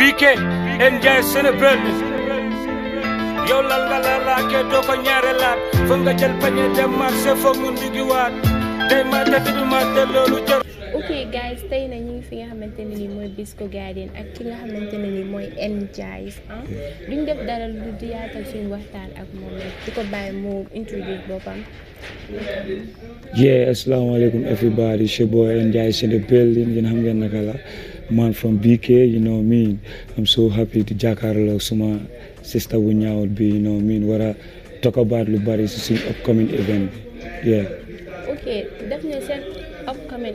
biike en njaay yow lal nga la doo ko ñaare laat foog nga jël pañe dem marché foog mu ndigiwaat tey ma tati du ma te loolu jëm ok guys tey na fi nga xamante ne mooy Bisco Garden ak ki nga xamante ne mooy N ah. duñ def dara lu di yaatal suñu waxtaan ak moom rek di ko bàyyi mu introduce boppam yeah asalaamaaleykum everybody chez boy N Jaay seen building ngeen xam ngeen naka la man from k you know what I mean? so happy to jàkkaarloo suma sister bu ñaawul bi, you know mean? War talk about lu bari si suñu upcoming event bi, yeah. Mhm.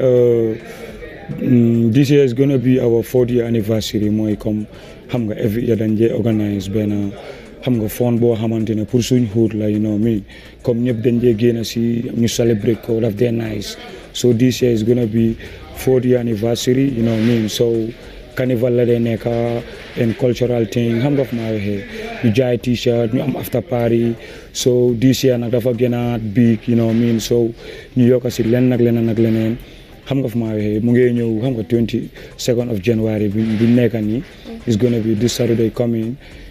Uh, mm, this year is gonna be our 40th anniversary mooy comme xam nga every year dañ jee organise benn. xam nga fon boo xamante ne pour suñ xuut la you know me comme ñëpp dañ dee génn si ñu celebrate ko daf dee nice so this year is gonna be fourth year anniversary you know me so carnival la dee nekk and cultural thing xam nga fu ma waxee ñu jaay t-shirt ñu am after party so this year nag dafa gën a big you know mean so ñu yokk si lenn nag leneen nag leneen xam nga fu ma waxee mu ngi ñëw xam nga 22nd of January bi nekk nii is gonna be this Saturday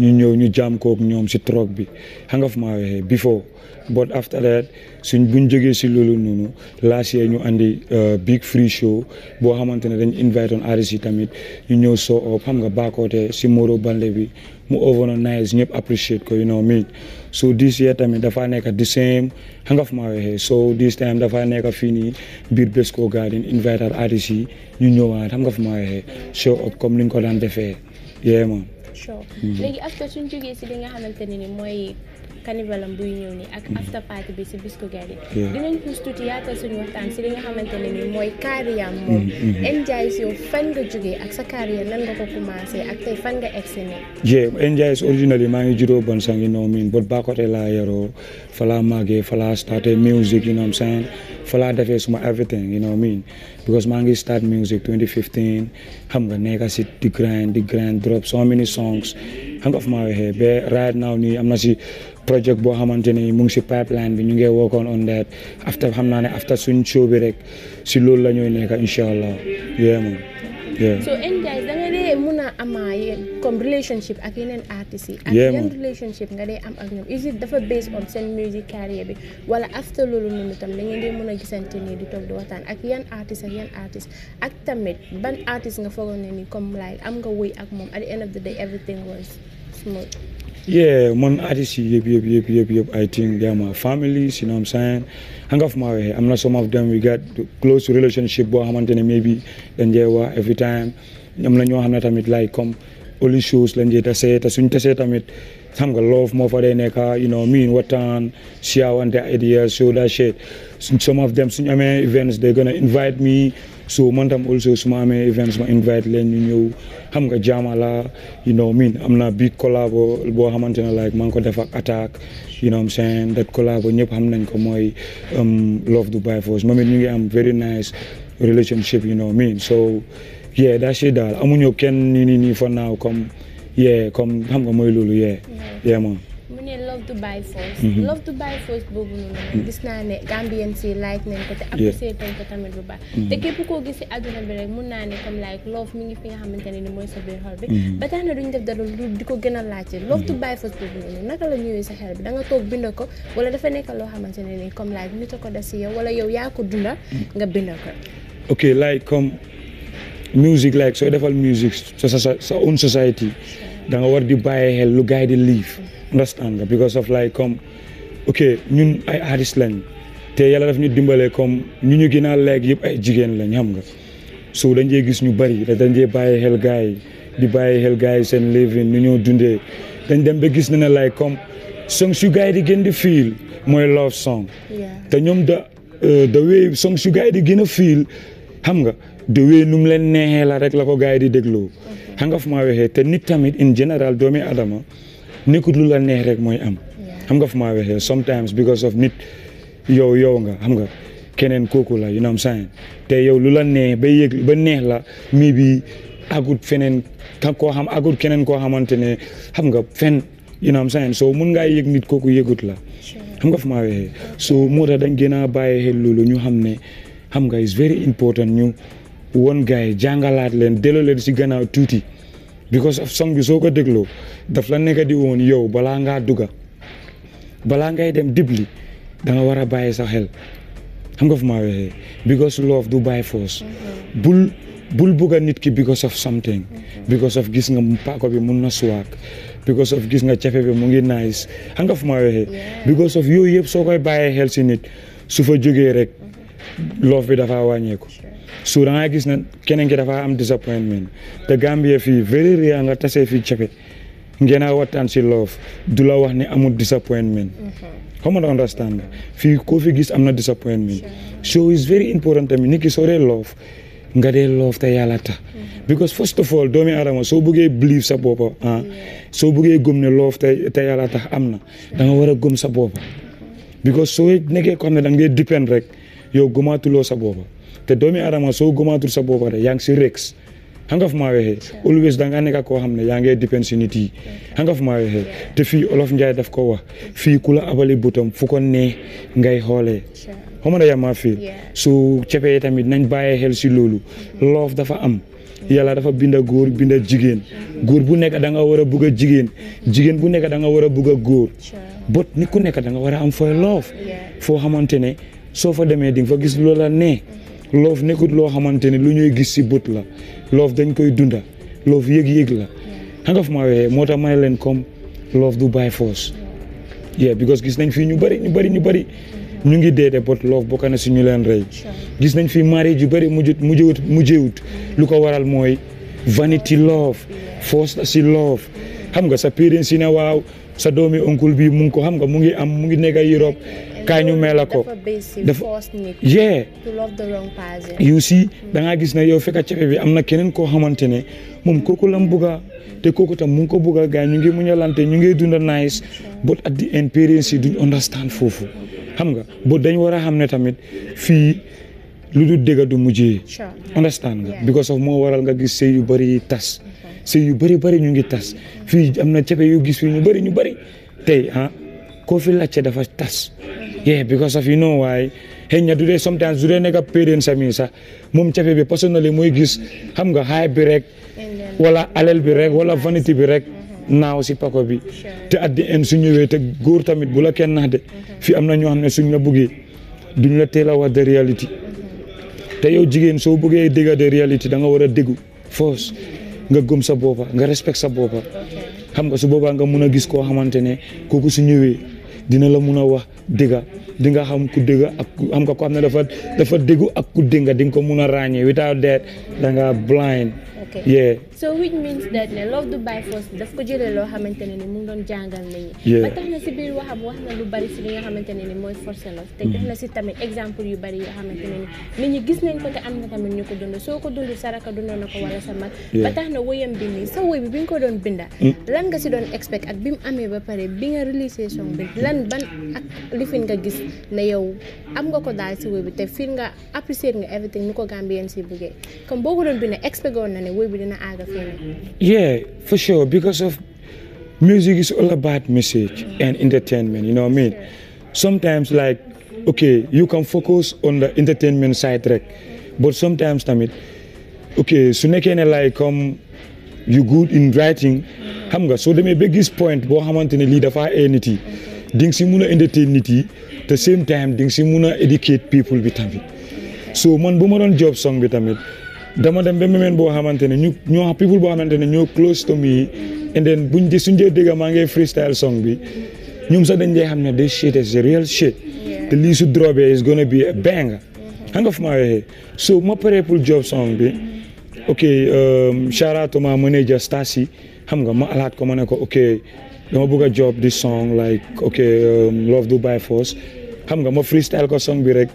ñu ñëw ñu jaam kook ñoom si troc bi xam nga fu maa waxee before but after that suñ buñ jógee si loolu noonu last year ñu andi uh, big free show boo xamante ne dañ invite on artistes tamit ñu ñëw soo op xam nga baakoote si Moro Balde bi mu overno nice ñëpp appreciate ko you know me so this year tamit dafa nekk the same xam nga fu maa waxee so this nekk fii nii biir Besco Garden invite artistes ñu ñëwaat xam nga fu maa waxee comme ni nga ko daan defee yeah show mm. léegi acteur suñ jógee si li nga xamante ne ni mooy canivalam buy ñëw ni ak hmm. after party bi ci Bisco Garden dinañ puus tuuti yaatal suñu waxtaan ci li nga xamante ni moy carrière ya moom hmm, hmm. enjoy yow fan nga jógee ak sa carrière ya nan nga ko commencé ak tay fan nga exceller je enjoy NJS originally ma ngi juro bon you know min but ba côté la fa fala magé fala starté music you know what I'm saying fa laa suma everything you know what I mean because mangi ngi start music 2015 xam nga nekk si di grind di grind drop so many songs hang of my head am na si project boo xamante ni mu ngi si pipeline bi ñu ngi work on xam naa ne after suñ show rek si loolu la ñuy nekk incha allah dee mun a amaa comme relationship ak yeneen artistes yi. ak yan relationship nga dee am ak ñoom is it dafa based on seen music career bi wala after loolu noonu tam da ngeen dee mun a gisante nii di toog di waxtaan ak yan artistes ak yan artistes ak tamit ban artiste nga foogoon ne nii comme like am nga wëy ak moom at the end of the day everything was. mode? Yeah, man, I just yep, yep, yep, yep, yep. I think they are my families, you know what I'm saying? Hang off my I'm not some of them we got close relationship, but I'm maybe, Then they were every time. ñoom la ñoo xam ne tamit like comme only shows lañ di tase te suñ tasee tamit xam nga love more for day neck. Uh, you know me in what town? miin want siyaawante ideas so that shit some of them Some amee events they are gonna invite me so manta tam also su ma amee events ma invite leen ñu ñëw xam nga jaamala you know mean am na big collabo boo xamante ne like maa ngi ko def ak attaque you know am saying that collabo ñëpp xam nañ ko mooy um, Love Dubai Force moom it ñu ngi am very nice relationship you know mean so yeah that daal amuñu kenn nii nii nii for now comme yeah comme xam nga mooy loolu yeah Dubai Falls. Mm-hmm. love Dubai Falls boobu noonu. Mm-hmm. gis naa ne Gambien si like nañ ko te apprécié nañ ko tamit bu baax. Mm-hmm. te képp koo gis si àdduna bi rek mun naa ne comme like love mi ngi fi nga xamante ne ni mooy sa biir xol bi. ba tax na duñ def dara di ko gën a laajte. love Dubai Falls boobu noonu naka la ñëwee bi da ko wala dafa nekk loo xamante ne ni comme like nit a ko def si yow wala yow yaa ko dunda. nga bind ko. ok like comme music like soo defal music sa sa sa own society. da war di bàyyi xel lu gars yi di live understand nga because of like comme ok ñun ay artiste lañ te yàlla daf ñu dimbalee comme ñu ñu gën a yëpp ay jigéen lañ xam nga so dañ dee gis ñu bari dañ dee bàyyi xel gars yi di bàyyi xel gars yi seen living nu ñoo dundee dañ dem ba gis na ne like comme songs su gars yi di gën di fiil mooy love song te ñoom da da euh, wéy songs yu gars yi di gën fiil xam nga da wéy nu leen neexee la rek la ko gars yi di dégloo xam nga fu maa waxee te nit tamit in général doomi adama nekkut lu la neex rek mooy am xam nga fu maa waxee sometimes because of nit yow yow nga xam nga keneen kooku la you know what te yow lu la neex ba yëg ba neex la mi bi agut feneen koo xam agut keneen koo xamante ne xam nga fen you know what I'm saying so mun ngaa yëg nit kooku yëgut la xam nga fu maa waxee so moo tax dañ gën a bàyyi xel loolu ñu xam ne xam nga is very important ñu won gars jàngalaat leen delloo leen si gannaaw tuuti because of song bi soo ko dégloo daf la nekk di yow balaa ngaa dugga balaa ngay dem dibli da war a bàyyi sa xel xam nga fu ma waxee because love du mm-hmm. bul bul bugga nit ki because of something mm-hmm. because of gis nga paako bi mun na suwaak because of gis nga cafe bi mu ngi nice xam nga fu ma waxee because of yooyu yëpp soo koy bàyyee xel si nit su fa jógee rek mm-hmm. loof bi dafa wàññeeku so da gis na keneen ki dafa am disappointment te Gambia fii very rare nga tase fii cepe ngeen a si loof du la wax ne amul disappointment. xam mm-hmm. nga understand fii koo fi gis am na disappointment so it's very tamit nit ki soo dee nga dee love te yàlla tax mm-hmm. because first of all doomi aadama soo bëggee believe sa boppa ah soo bëggee gëm ne love te te yàlla tax am na danga nga war a gëm sa boppa mm-hmm. because soo nekkee ko ne da ngay dépend rek yow gëmaatuloo sa boppa te doomi aadama soo gomaatul sa bopp yang si rex hanga fuma wehe always da ngaa nekk koo xam ne yaa ngee dépend si nit yi xam nga fu maa te fi olof njaay daf ko wax fi kula abali butam fu ko ne ngay xoolee xamana ya ma fi su cepee tamit nañ baye hel si lolu mm-hmm. loof dafa am yalla dafa binda góor binda jigen, góor bu nek da nga wara a jigen jigen mm-hmm. bu nek da nga wara am bugg a bot ni ku nek da nga wara am love fo xamantene ne fa ding fa gis lola ne mm-hmm. loof nekkut loo xamante ne lu ñuy gis si bët la loof dañ koy dunda loof yëg-yëg la xam fu ma waxee moo tax ma ne leen comme loof du by force yeah because gis nañ fii ñu bari ñu bëri ñu ngi dee de bot loof bokk na si ñu leen rey gis nañ fii mariage yu bëri mujj mujjewut mujjewut lu ko waral mooy vanity love force la si loof xam nga sa parents si na waaw sa doomi oncle bii mu ngi ko xam nga mu ngi am mu ngi nekk Europe kaay ñu mel ko dafa you see da nga gis na yow fekk ci bi am na keneen ko xamante ne moom lam buga te koku tam mu ko buga gaay ñu ngi ñalante ñu ngi dunda nice but at the experience you don't understand Fofu, xam nga but dañ wara xamne fi tamit fi lu du dega du mujjé understand nga because of mo waral nga gis sey yu bari tas sey yu bari bari ñu ngi tas fi amna na cepe yu gis fii ñu bari ñu bari tay ha ah, ko fi dafa tas Yeah, because of you know why. Henya du dee sometimes du nega nekk parents am yi sax be cafe bi personally mooy gis xam nga high break wala alel bi wala vanity bi rek naaw si pako bi te at the end su te góor tamit bu la kenn na de mm-hmm. fi amna na ñoo xam ne suñ la buggee duñ la teel a de reality mm-hmm. te yow jigéen so buggee dégga de reality da nga degu force nga gëm sa nga respect sa boppa xam nga su boobaa nga mun gis ko xamante ne Kuku su ñëwee dina la mun dëgga di nga xam ku dëgga ak xam nga ko xam dafa dafa ak ku dënga di ko mun a ràññee without that da nga blind ok yeah. so which means that ne loolu du by force daf ko jëlee loo xamante ne ni mu ngi doon jàngal nit ñi. ba tax na si biir waxam wax na lu bari si li nga xamante ne ni mooy forcé love. te def mm-hmm. na si tamit exemple yu bari yoo xamante ne gis nañ ko te am na ñu dund soo ko dund saraka dundoon na ko wala sa mag. ba tax sa bi nga ko doon binda. Mm. lan nga si doon expect ak bi mu amee ba pare bi nga release song bi lan ban ak lifin nga gis ne yow am nga ko daal si woy te fii nga apprécier nga everything ni ko Gambien si buggee comme boo ko doon bindee expect na ne way within the art of it. Yeah, for sure. Because of music is all about music and entertainment. You know what I mean? Sure. Sometimes like okay, you can focus on the entertainment side track, but sometimes Tamit, okay, so nekk ne like um you good in writing Hamga, so the biggest point boo xamante ne lii dafa ee nit yi di entertain same time ding simuna educate people Bitamit. so man bu job song bitamit. dama dem ba moment boo xamante ne ñu ñoo people boo xamante ne ñoo close to me and then buñ di suñ dee dégg maa ngi freestyle song bi ñoom sax dañ dee xam ne this shit is a real shit te lii su drobee is gonna be a bang xam mm-hmm. nga fu ma waxee so ma paree pour job song bi ok um, shout out to my manager Stasi xam nga ma alaat ko ma ne ko ok dama bëgg a job di song like ok um, love du by force xam nga ma freestyle ko song bi rek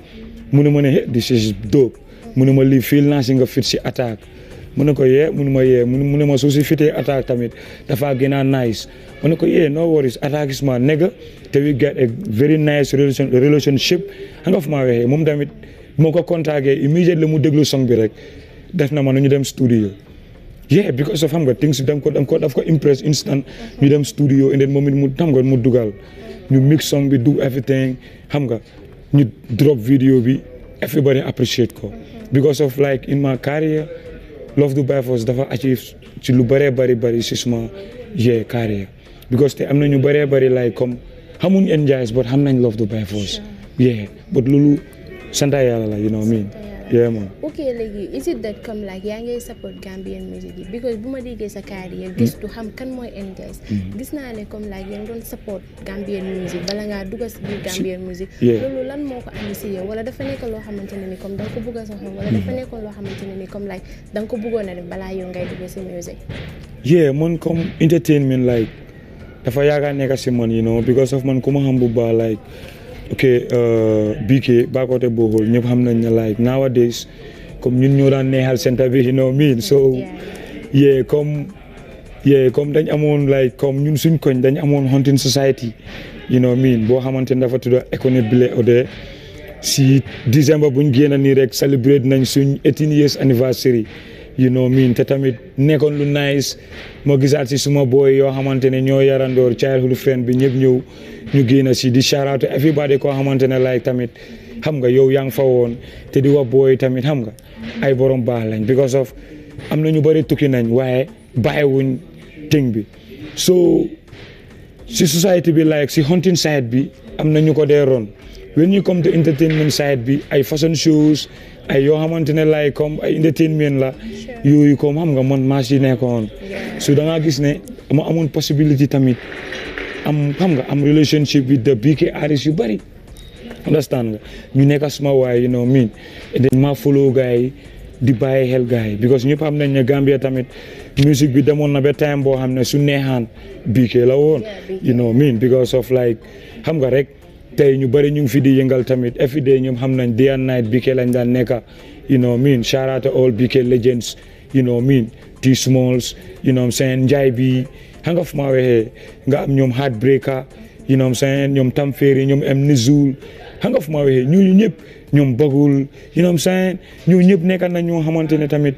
mu ne ma ne this is dope mu ne ma lii fii lancé nga fit si attaque mu ne ko yee mu ne ma yee mu ne ma su si fitee attaque tamit dafa gën a nice mu ne ko yee no worries attaque is my nigga te we get a very nice relationship xam nga fu ma waxee moom tamit moo ko contacté immediately mu déglu song bi rek def na ma nu ñu dem studio yeah because of xam nga things dam ko dam ko daf ko impress instant ñu dem studio and then moom mu xam mu dugal ñu mix song bi do everything xam nga ñu drop video bi everybody appreciate ko because of like in my career Love Dubai Force dafa achieve ci lu bëree bëri bëri si suma yee career because te am na ñu bëree bëri like comme xamuñ NJS but xam nañ Love Dubai Force yeah but loolu sant yàlla la you know mean yeah man ok léegi is it that comme like yaa ngay support Gambian music because bu ma déggee sa carrière hmm. gëstu xam kan mooy NJS hmm. gis naa ne comme like yaa ngi doon support Gambian music bala ngaa dugg si biir music loolu lan moo ko andi loo xamante ne ni comme da nga a soxla wala dafa hmm. nekkoon loo xamante ne comme like da ko bëggoon a def balaa yow ngay dugg si music yeah man comme entertainment like dafa yaaga nekk si man you know because of man ku ma xam bu baax like okay euh, BK Bakote Bohol ñëpp xam nañ ne like nowadays comme ñun ñoo daan neexal centre bi you know mean so yeah comme yeah comme dañ amoon like comme ñun suñ koñ dañ amoon hunting society you know mean boo xamante ne dafa tudd Ekonet Bile Ode si décembre buñ génn nii rek celebrate nañ suñ 18 years anniversary you know mean te tamit nekkoon lu nice ma gisaat si suma booy yoo xamante ne ñoo yarandoor childhood friend bi ñëpp ñëw ñu génn si di shout out everybody koo xamante ne like tamit xam nga yow yaa ngi fa woon te di wax booy tamit xam nga ay borom baax lañ because of am na ñu bëri tukki nañ waaye bàyyiwuñ ting bi so si society bi like si hunting side bi am na ñu ko dee ron when you come to entertainment side bi ay fashion shows ay yoo xamante ne laay comme ay entertainment la yooyu comme xam nga man maa si nekkoon su da gis ne ma amoon possibility tamit am xam nga am relationship with the big artistes yu bëri understand nga ñu nekk suma waay you know mean dañ maa follow gars di bàyyi xel gars yi because ñëpp xam nañ ne Gambia tamit musique bi demoon na ba time boo xam ne su neexaan biike la woon you know mean because of like xam nga rek tey ñu bëri ñu ngi fi di yëngal tamit every day ñoom xam nañ day and night BK lañ daan nekka you know mean shout out to all BK legends you know mean T Smalls you know seen njaay bi xam nga fu ma waxee nga am ñoom Heartbreaker you know seen ñoom Tamferi ñoom M Nizoul nga fu ma ñëpp ñoom bagul you know seen ñooñu ñëpp nekka nañ ñoo xamante ne tamit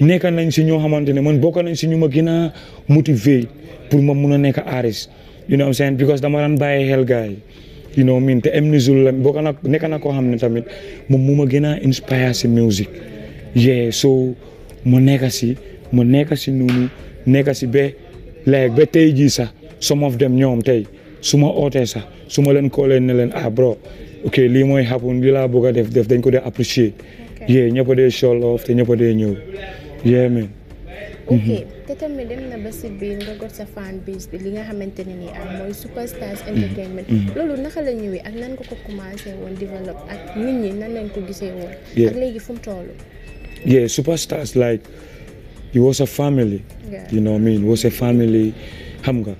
nekka nañ si ñoo xamante ne man bokk nañ si ñu ma gën a motiver pour ma mun a nekk artiste you know seen because dama daan bàyyi xel yi you know miin te M Nizoul bokk na nekk na koo xam ne tamit moom mu ma gën a inspire si music yeah so mu nekk si mu nekk si noonu nekka si be léegi ba tey jii sax some of them ñoom tey su ma ootee sax su ma leen koolee ne leen ah bro ok lii mooy happen lii laa bëgg def def dañ ko dee apprécier yeah ñëpp a dee show off te ñëpp a dee ñëw yeah man ok mhm. te tamit dem na ba si biir nga got sa fan base bi li nga xamante ne am mooy Superstars Entertainment mhm, mhm. loolu naka ñëwee ak nan nga ko commencé woon développe ak nit ñi nan lañ ko gisee woon ak léegi fu mu toll yeah Superstars like it was family you know family xam nga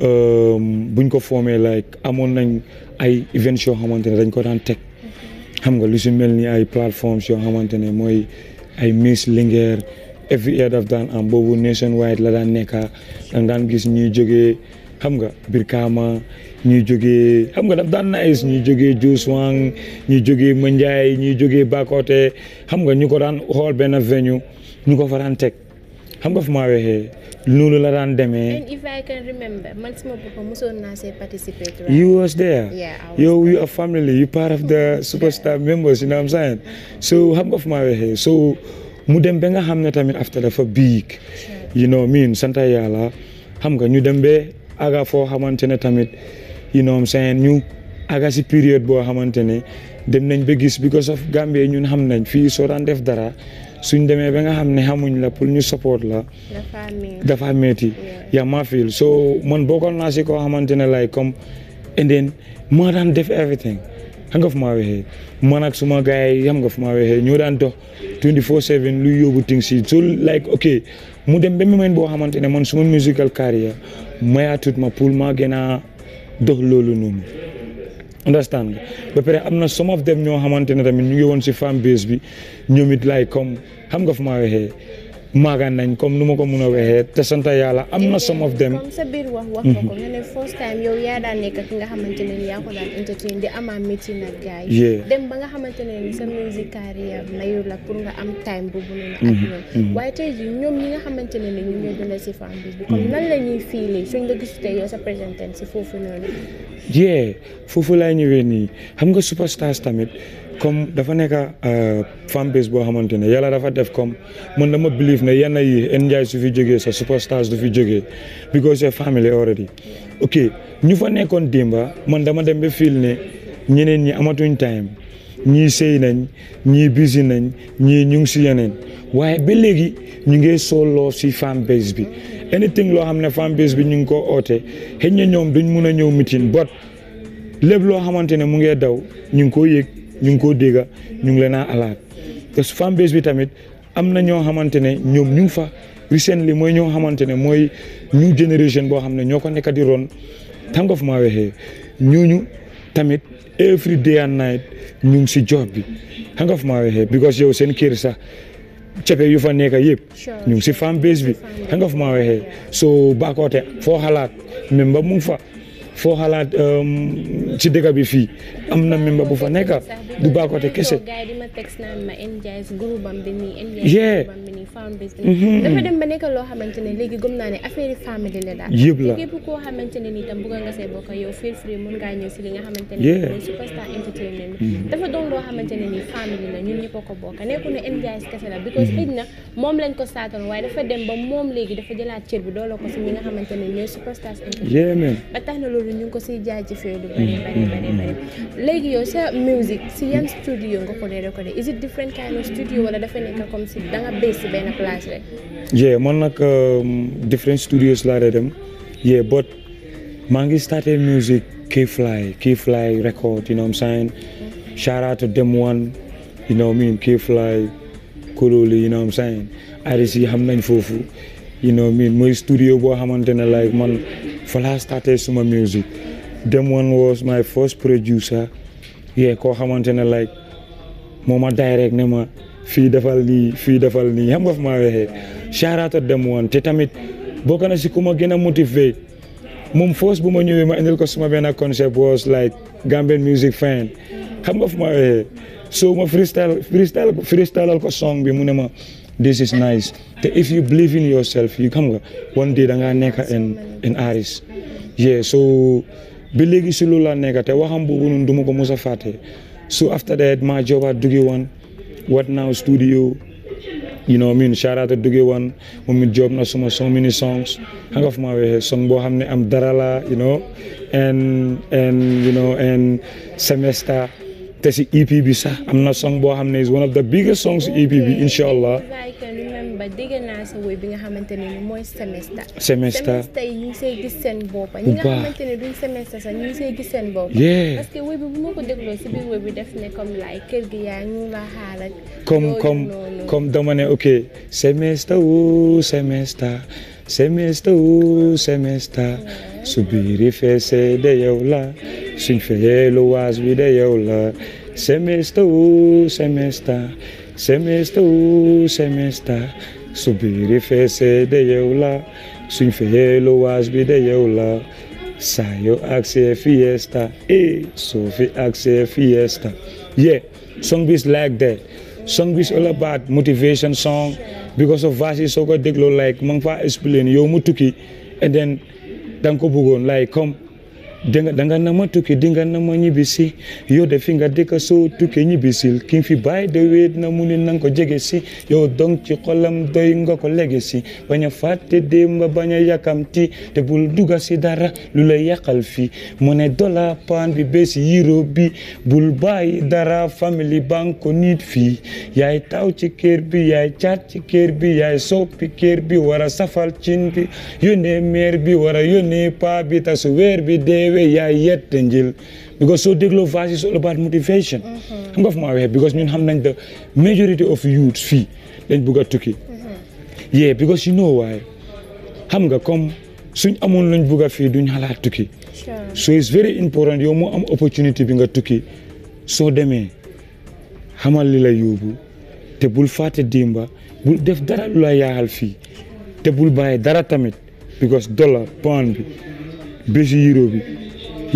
um, buñ ko formé like amoon nañ ay events yoo xamante ne dañ ko daan teg xam nga lu si mel ni ay plateformes yoo xamante mooy ay Miss Linguère every year daf daan am boobu nationwide la daan nekka da nga daan gis ñuy joge xam nga Brikama ñuy jógee xam nga daf daan nice ñuy jógee Joswang ñuy jógee Mandiaye ñuy joge Bakote xam nga ko daan xool benn venue ñu ko fa teg xam nga fu maa waxee loolu la daan demee. and if I can remember man sama boppam you was there. yeah yow you family you part of the superstar members you know what so xam nga fu maa waxee so. mu dem ba nga xam ne tamit after dafa biig you know miin santa la xam nga ñu dem ba aga foo xamante ne tamit you know am ñu aga si période boo xamante ne dem nañ ba gis because of Gambie ñun xam nañ fii soo daan def dara suñ demee ba nga xam ne xamuñ la pour ñu support la dafa metti yaa ma feel soo man bokkoon naa si koo xamante ne like comme and then maa daan def everything xam nga fu ma waxee man suma gars yi nga fu ma waxee ñoo daan dox 24/7 luy yóbbu ting si so like ok mu dem ba moment boo xamante ne man suma musical carrière mayaatut ma pour ma gën a dox loolu noonu understand ba pare am na some of them ñoo xamante ne tamit ñu ngi woon si fan base bi ñoom it like comme xam nga fu ma waxee maagaan nañ comme nu ma ko mun a waxee te sant yàlla am na some of them. comme yow yaa daan nekk ki nga xamante ne yaa ko daan entertain di amaa meeting ak gars yi. dem ba nga xamante ni sa music career mayu la pour nga am time boobu noonu. ak mm-hmm. ñoom mm-hmm. waaye tey jii ñoom ñi nga xamante ni ñu ngi dundal si fan bi. comme nan la ñuy suñ la gis yow sa présenté si foofu noonu. jee foofu laa ñëwee nii xam nga superstars tamit. comme dafa nekk euh, fan base boo xamante ne yàlla dafa def comme man dama believe ne yenn yi en Ndiaye su fi jógee sa superstars du fi jógee because your family already ok ñu fa nekkoon démba man dama dem ba fiil ne ñeneen ñi amatuñ time ñi sëy nañ ñii busy nañ ñii ñu ngi si yeneen waaye ba léegi ñu ngi sooloo si fan base bi anything loo xam ne fan base bi ñu ngi ko oote xëy na ñoom mun a ñëw meeting but lépp loo xamante ne mu ngi daw ñu ngi ko yëg. ñu ngi koo dégga ñu ngi leen a alaat te fanbase bi tamit am na ñoo xamante ne ñoom ñu ngi fa recently mooy ñoo xamante ne mooy new generation boo xam ne ñoo ko nekk di ron xam nga fu ma waxee ñooñu tamit every day and night ñu ngi si job bi xam nga fu ma waxee because yow seen kër sax cepe yu fa nekk yëpp ñu ngi si fanbase bi xam nga fu ma waxee soo baakoote foo xalaat même ba mu fa foo xalaat um, ci dëkk bi fii am na memba bu fa nekk du baakote kese. yee. Mhm. dafa dem ba nekk loo xamante ne léegi gëm naa ne affaire famille la daal. yëpp la képp ne nii tam bëgg nga see bokk yow feel free mën ngaa ñëw si li nga xamante ne nii Superstar Entertainment mhm. dafa doon loo xamante ne nii famille la ñun ñëpp a ko bokk nekku ne NJS kese la because mhm. xëy na moom lañ ko saatoon waaye dafa dem ba moom léegi dafa jëlaat cër bi dooloo ko si ñi nga xamante ne ko siy jaajëfee lu bari bëri mm-hmm. bëri léegi yow sa musique si yan studio nga ko dee recordé is it different kind of studio wala dafa nekk comme si da bés si benn place rek. man nag um, different studios laa dee dem yeah but maa ngi starté musique Key Fly Key Fly record you know what I'm saying one you know mean Key Fly Kololi you know what I'm yi xam nañ foofu you know mean mooy studio boo xamante ne like man fa laa starté suma musique. dem one was my first producer yee koo xamante ne like moo ma direct ne ma fii defal nii fii defal nii xam nga fu ma waxee charata dem woon te tamit bokk na si ku ma gën a motivé moom first bu ma ñëwee ma indil ko suma benn concept was like Gambian music fan xam nga fu ma waxee so ma freestyle freestyle freestyle ko song bi mu ne ma this is nice te if you believe in yourself you xam nga one day da ngaa nekk an an so bi léegi si loolu laa nekk te waxam boobu noonu du ma ko mos a fàtte so after that my job at Duge One what now studio you know I mean job na suma so many songs xam nga fu ma waxee song boo xam ne am dara la you know semester te si EP bi sax am na song boo xam ne is one of the biggest songs EP bi incha allah dégg naa sa a bi nga xamante semestre ni mooy semester. semester semester yi ñu ngi see gis seen bopp. ñi nga xamante ne duñ semester sax ñu ngi see gis seen bopp. parce que woy bi bu ma ko dégloo si biir woy bi def ne comme laay kër gi yaa ñu la xaar ak. comme comme comme dama ne ok semester woo semester semester woo semester. su biiri feesee de yow la suñ feyee lu waas bi de yow la semester woo semester. semester, uh, semester. subiri fese e, de yeula sunfeye lo wasbi de yeula sayo axe fiesta eh sofi axe fiesta yeah song is like that song is all about motivation song because of verses so go deglo like mang fa explain yo mutuki and then danko bugon like come danga na nama tukki dinga nama ñibbisi yow defi nga dëkk soo tukki ñibbisi ki fi bàyyi de wéet na mu ne nanga ko jege si yow donc ci xolam doy nga ko lege si bañ a fàtte démb bañ a yàkkamti te bul duga si dara lu la yàqal fi mu ne dollar pound bi bés euro bi bul bàyyi dara family bank ko nit fii yaay taw ci kër bi yaay caat ci kër bi yaay soppi kër bi war a safal cin bi yónnee meer bi war a paa bi tasu weer bi dee ñëwee yaa yet te njël because soo dégloo vache is all about motivation mm-hmm. xam nga fu maa waxee because ñun xam nañ the majority of youth fii dañ bugg a tukki mm-hmm. yeah because you know why xam nga comme suñ amoon luñ bugg a fii duñ xalaat tukki so it's very important yow mu am opportunity bi nga tukki soo demee xamal li la yóbbu te bul fàtte dimba bul def dara lu la yaaxal fii te bul bàyyi dara tamit because dollar pound bi bési yiro bi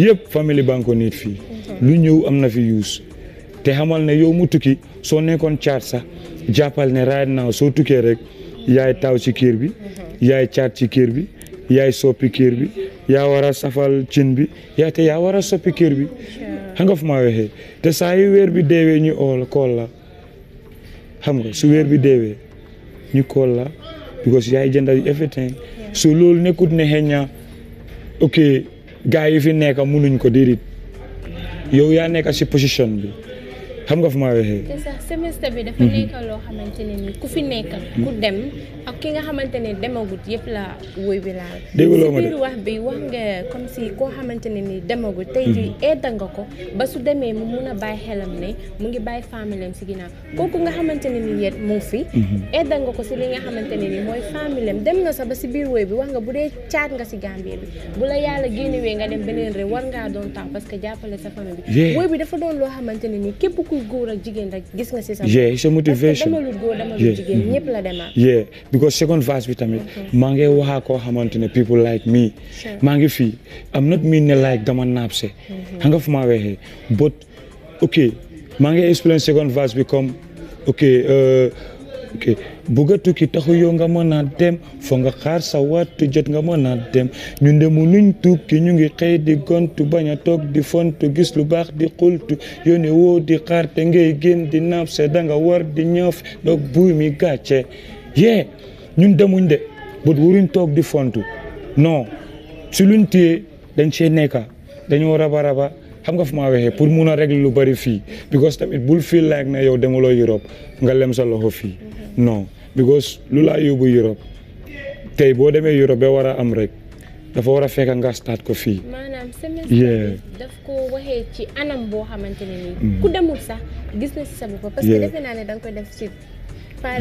yëpp famille baa ngi ko niit fii lu ñëw am na fi yuus te xamal ne yow mu tukki soo nekkoon caat sax jàppal ne right now soo tukkee rek yaay taaw ci kër bi yaay caat ci kër bi yaay soppi kër bi yaa war a safal cin bi yaa te yaa war a soppi kër bi xam nga fu ma waxee te saa yu weer bi deewee ñu ool kool la xam nga su weer bi deewee ñu kool la because yaay jëndal everything so loolu nekkut ne xëy ok gars yi fi nekk munuñ ko déedéet yow yaa nekk si position bi xam nga fu ma waxee. te sax semestre bi dafa mhm. nekk loo xamante ne nii ku fi nekk. ku mhm. dem ak ki nga xamante ne demagut yëpp la woy bi laal. de si biir wax bi nga comme si koo xamante ne nii demagut. tey jii mhm. eeda nga ko ba su demee mu mun a bàyyi xelam mu ngi bàyyi familleem si ginnaaw kooku nga xamante ne nii yet mu ngi fi. eeda nga ko si li nga xamante ne nii mooy familleem dem nga sax ba si biir woy bi wax nga bu dee caat nga si Gambie bi bu la yàlla génnewee nga dem beneen réew war ngaa doon tax parce que jàppale sa famille bi. woy bi dafa doon loo xamante nii képp ku góor ak jigéen rek gis nga sa. a motivation mm-hmm. parce because second verse bi tamit. Mm-hmm. maa ngi waxaa koo xamante ne people like me. maa ngi i am not mean ne like dama naab se. Mm-hmm. xam a fu maa weexee but ok maa ngi explain second verse bi comme ok. Uh, ok tukki taxu yow nga mën a dem foo nga xaar sa wat jot nga mën a dem ñun de munuñ tukki ñu ngi xëy di gontu bañ a toog di font gis lu baax di xultu yónne woo di xaar te ngay génn di naab se da nga war di ñëf doog buy mi gàcce yee ñun demuñ de but wuruñ toog di fontu no si luñ téye dañ cee nekka dañoo raba raba xam nga fu maa waxee pour mun a régler lu bari fii because tamit bul feel like na yow demuloo Europe nga lem sa loxo fii non because lu laa yóbbu Europe tey boo demee Europe ba war a am rek dafa war a fekk nga start ko fii. maanaam semestre daf ko waxee ci anam boo xamante ne nii. Mm. ku demul sax gis na si sa bopp. parce defe naa ne da nga koy def si.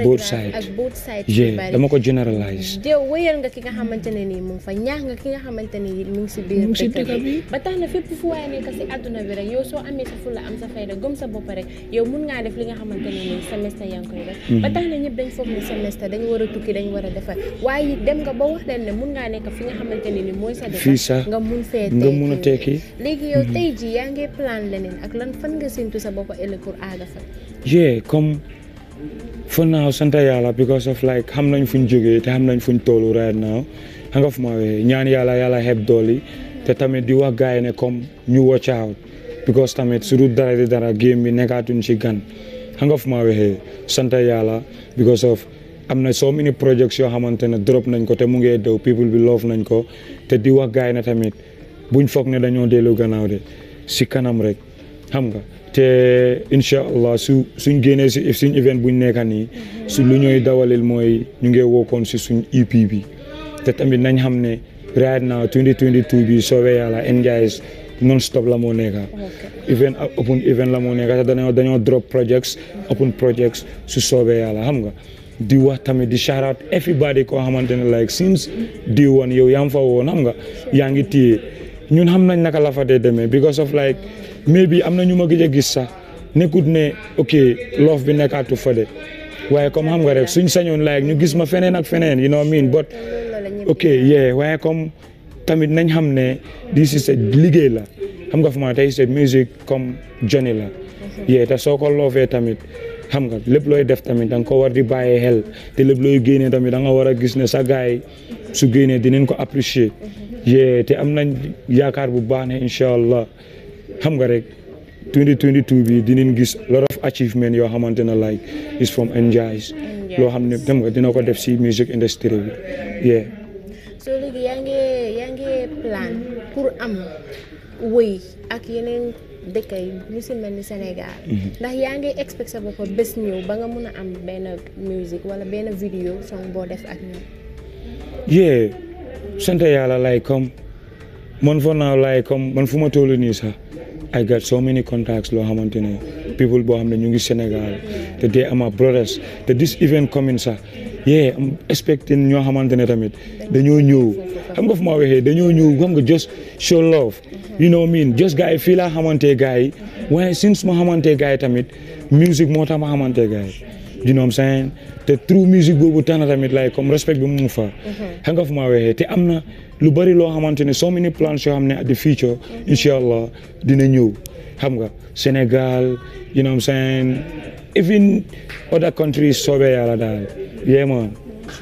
both side ak both side dama ko généralise yow wéyal nga ki nga xamante nii mu fa ñaax nga ki nga xamante nii mu bi ba tax sa fulla am sa fayda gëm li nga xamante ne nii semestre yaa ngi koy def hmm. ba tax na ñëpp dañ a tukki dañ war a waaye dem nga ba wax leen ne mun ngaa nekk fi nga sa def fii sax nga mun fee nga a tekki léegi yow hmm. tey ji yaa ngi plan leneen ak lan fan nga séntu sa bopp ëllëg pour aaga fa for now sant yàlla because of like xam nañ ñu jógee te xam nañ fu ñu toolu right now xam nga fu ma wee ñaan yàlla yàlla xeeb dooli te tamit di wax gars ne comme ñu watch out because tamit su dul dara di dara game bi nekkaatuñ ci gan xam nga fu ma waxee sant yàlla because of am na so many projects yoo xamante ne drop nañ ko te mu ngee daw people bi love nañ ko te di wax gars ne tamit buñ foog ne dañoo dellu gannaaw de si kanam rek xam nga te incha allah su suñ génnee si suñ event buñ nekka nii su lu ñooy dawalil mooy ñu ngi wokkoon si suñ EP bi te tamit nañ xam ne right now bi soobee yàlla Enjayes man stop la moo nekka event open event la moo nekka te dañoo dañoo drop projects open projects su soobee yàlla xam nga di wax tamit di shout out everybody koo xamante ne like since di woon yow yaa ngi fa woon xam nga yaa ngi téye ñun xam nañ naka la fa dee demee mais bi am na ñu ma gëj a gis sax nekkut ne ok loof bi nekkaatu fa de waaye comme xam nga rek suñ sañoon laay ñu gis ma feneen ak feneen you know miin bot ok yee waaye comme tamit nañ xam ne di si sa liggéey la xam nga fu ma tey sa musique comme Johnny la yee te soo ko loofee tamit xam nga lépp looy def tamit da nga ko war di bàyyi xel te lépp looy génnee tamit da nga war a gis ne sa gars yi su génnee dinañ ko apprécier yee te am nañ yaakaar bu baane ne allah xam nga rek 2022 bi dinañ gis lot of achievement yoo xamante ne like is from NGIS loo xam ne xam nga dina ko def si music industry bi yeah soo léegi yaa ngi plan pour am wëy ak yeneen dëkk yi ñu si mel ni Sénégal mhm. ndax yaa ngi expect sa bopp bés ñëw ba nga mun a am benn musique wala benn vidéo song boo def ak ñoom yeah sant yàlla lay comme man foog naa lay comme man fu ma toll nii sax I got so many contacts loo xamante ne people boo xam na ñu ngi Sénégal te they are my brothers te this event coming sax yeah am expecting ñoo xamante ne tamit dañoo ñëw xam nga fu ma waxee dañoo ñëw xam nga just show love you know what I mean just gars yi fii laa xamante gars yi waaye since ma xamante gars yi tamit music moo tax ma xamante gars yi you te through music boobu tax tamit like comme respect bi mu fa mm-hmm. xam nga fu ma waxee te am na lu bari loo xamante so many plans yoo have ne at the future inshallah, allah dina ñëw xam nga Sénégal you know what I'm saying even other countries soobee yàlla daal yeah man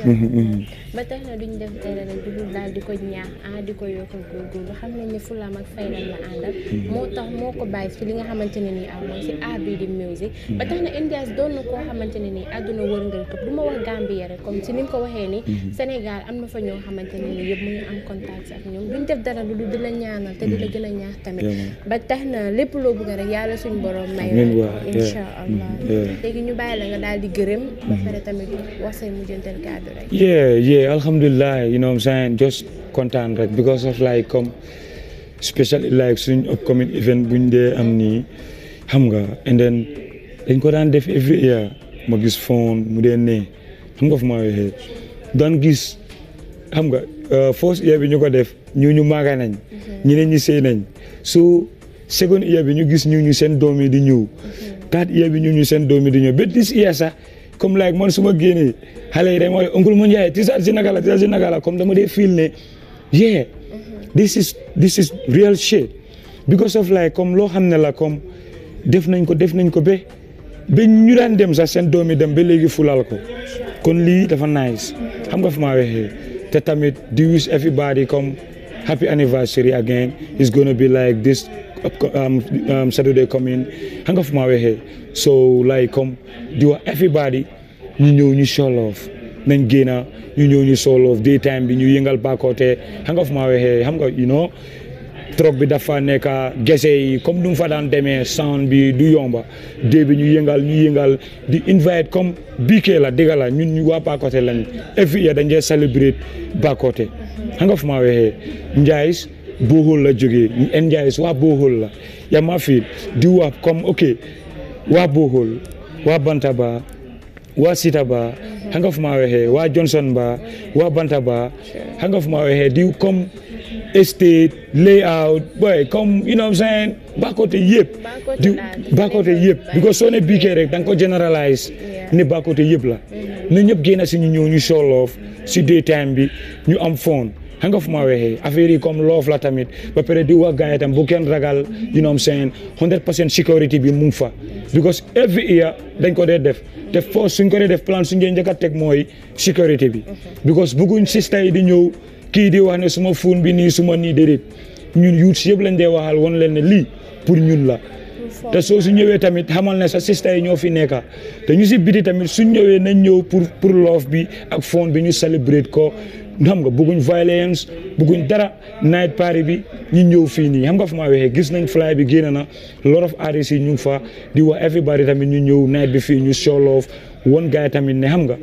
mm-hmm, mm-hmm. ba tax na duñ def dara rek dugul daal di ko ñaax ah di ko yokk góorgóorlu xam nañ ne fulaam ak faylam la àndal hmm. moo tax moo ko bàyyi ci li nga xamante ne nii aw mooy si aar bii di music hmm. ba tax na Ndiaye doon na koo xamante ne nii àdduna wërngal këpp du ma wax Gambie rek comme si ni ko waxee ni hmm. Sénégal am na fa ñoo xamante ne nii yëpp mu ngi am contact ak ñoom duñ def dara lu di la ñaanal te di la gën a ñaax tamit ba tax na lépp loo bëgg rek yàlla suñ borom may incha allah léegi ñu bàyyi la nga daal di gërëm ba pare tamit wax say mujjantal kàddu rek Yeah, Alhamdulillah, you know what I'm saying? Just content, right? Because of like, um, especially like soon upcoming event buñ dee am nii xam nga and then dañ ko daan def every year ma gis phone mu dee ne xam nga fu ma waxee daan gis xam nga uh, first year bi ñu ko def ñu ñu maaga nañ ñeneen ñi sëy nañ so second year bi ñu gis ñu ñu seen doom yi di ñëw third year bi ñu ñu seen doom yi di ñëw ba this year sax comme like man su ma génnee xale yi dañ mooy oncle mu Njaay tisat si naka la tisat si naka la comme dama dee feel ne this is real shit because of like comme loo xam ne la comme def nañ ko def nañ ko ba ba ñu daan dem sax seen doomi dem ba léegi fulal ko kon lii dafa nice xam nga fu ma te tamit di wish everybody happy anniversary again. It's gonna be like this um, um, Saturday coming. Hang off my way So like come, um, do everybody, you know, you show love. nañ génna ñu ñëw ñu sooloof daytime bi ñu yëngal baakoote xam nga fu xam nga you know trop bi dafa nekk gese yi comme nu mu fa daan demee sound bi du yomba dé bi ñu yëngal ñu yëngal di invite comme biikee la dëgg la ñun ñu waa baakoote lañ every year dañ celebrate baakoote xam nga fu ma waxee Njaayis Bohol la jógee Njaayis waa Bohol la yaa ma fi di waa comme ok waa Bohol waa Bantaba waa Sitaba xam nga fu ma waa Johnson ba waa Bantaba xam nga fu ma waxee di comme estate layout boy comme you know what I'm saying baakote yëpp di baakote yëpp because soo ne biikee rek da nga ko généralise ne baakote yëpp la mm-hmm. ne ñëpp génn si ñu ñëw ñu si daytime bi ñu am phone xam nga fu ma waxee affaire yi comme loof la tamit ba pare di wax gars yi bu kenn ragal you know what I'm saying 100 percent sécurité bi mu ngi fa because every year dañ ko dee def te force suñ ko dee def plan suñ dee njëkk a teg mooy sécurité bi because bëgguñ sista yi di ñëw kii di wax ne suma phone bi nii suma nii déedéet ñun youths yëpp lañ dee waxal woon leen ne lii pour ñun la te soo su ñëwee tamit xamal na sa sista yi ñoo fi nekka te ñu si biti tamit suñ ñëwee nañ ñëw pour pour bi ak phone bi ñu celebrate ko xam nga bëgguñ violence bëgguñ dara night party bi ñu ñëw fii nii xam nga fu ma waxee gis nañ fly bi génn na lot of artists yi ñu ngi fa di wax everybody tamit ñu ñëw night bi fii ñu show love one guy tamit ne xam nga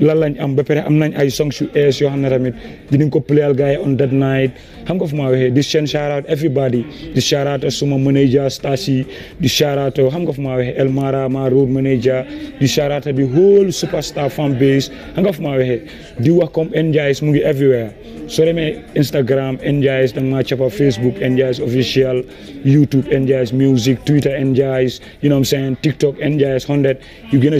lan lañ am ba pare am nañ ay songs yu ees yoo xam ne tamit dinañ ko playal gars on that night xam nga fu ma waxee di seen shout out everybody di shout out suma manager Stasi di shout out xam nga fu ma waxee El Mara ma road manager di shout out bi whole superstar fan base xam nga fu ma waxee di wax comme Ndiaye mu ngi everywhere soo demee Instagram Ndiaye da nga maa cappa Facebook Ndiaye official YouTube Ndiaye music Twitter Ndiaye you know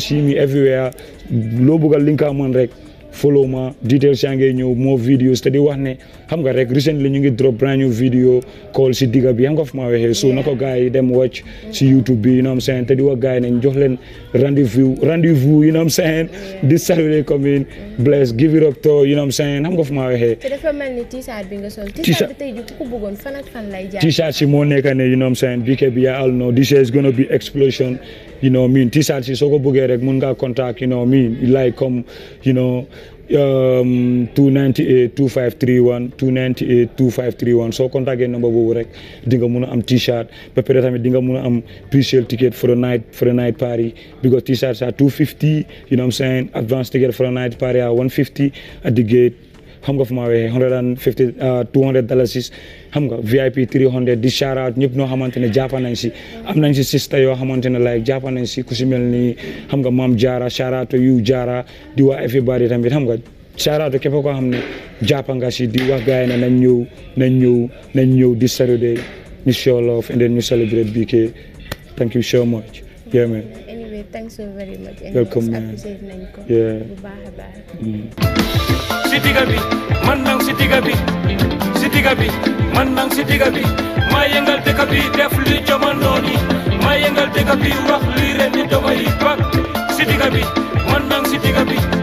see me everywhere. loo bëggal li nga ko mën rek follow ma details yaa ngi ñëw moo videos te di wax ne xam nga rek recently ñu ngi drop brand new video call si digga bi xam nga fu ma waxee so na ko gars yi dem watch si YouTube bi you know what I'm saying te di wax gars yi nañ jox leen rendez-vous rendez-vous you know what I'm saying this Saturday coming to you know what I'm saying xam nga fu ma waxee. te dafa mel ni t-shirt si moo nekk ne you know what I'm saying BK bi yaa all know this year is gonna be explosion. you know miin T-shirt si soo ko bëggee rek contact you know miin like come. you know um, 298 2531 298 2531 soo contactee number boobu rek di nga mun a am T-shirt ba pare tamit di nga mun a am pre-sale ticket for the night for the night party because T-shirts are 250 you know what I'm saying advance ticket for the night party are 150 at the gate. xam nga fu ma waxee hundred and fifty uh, two hundred dalasis xam nga VIP three hundred di ñëpp ñoo xamante ne jàpp nañ si nañ si sista yoo xamante ne like jàpp nañ si ku si mel ni xam nga maam jaara shout out to you jaara di waa everybody tamit xam nga shout out to képp koo xam jàpp nga si di wax gars yi ne nañ ñëw nañ ñëw nañ ñëw di Saturday ñu show love and then ñu celebrate BK anyway, Si digga man nang si digga Maa yëngal dëkk def li jamono ni. Maa yëngal dëkk wax li ren ni yi bak. Si digga man nang si digga